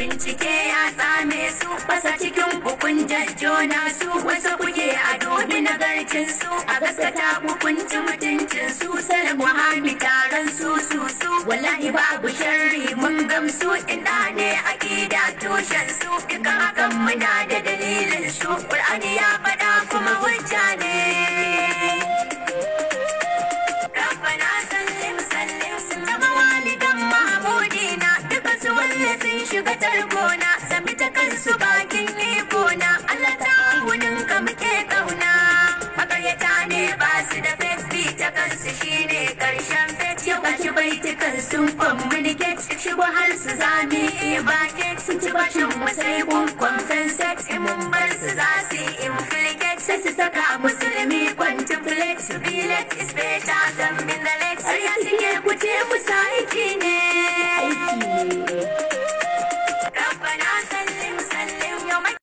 Bincike ya same su basa cikin hukun jona su wasu kuke a na nagarcin su a gaskata hukuncin mutuncin su sarar muhammi taron su su su wallahi babu sharri mun gamsu inda ne akida tushen su duka hakan muna da dalilin su ƙur'ani ya shugatar shiga targona sami ta kansu bakin ikona Allah ta wunin ka muke kauna makaryata ne ba su da fesbi ta kansu shine karshen fet yau ga shi baitukan sun shigo har su zami ibake sun ci bashin mu masai kun compensate in mun bar su za su inflicate sai su saka musulmi quantiflate billet is better than minaret har ya kuce musa iki ne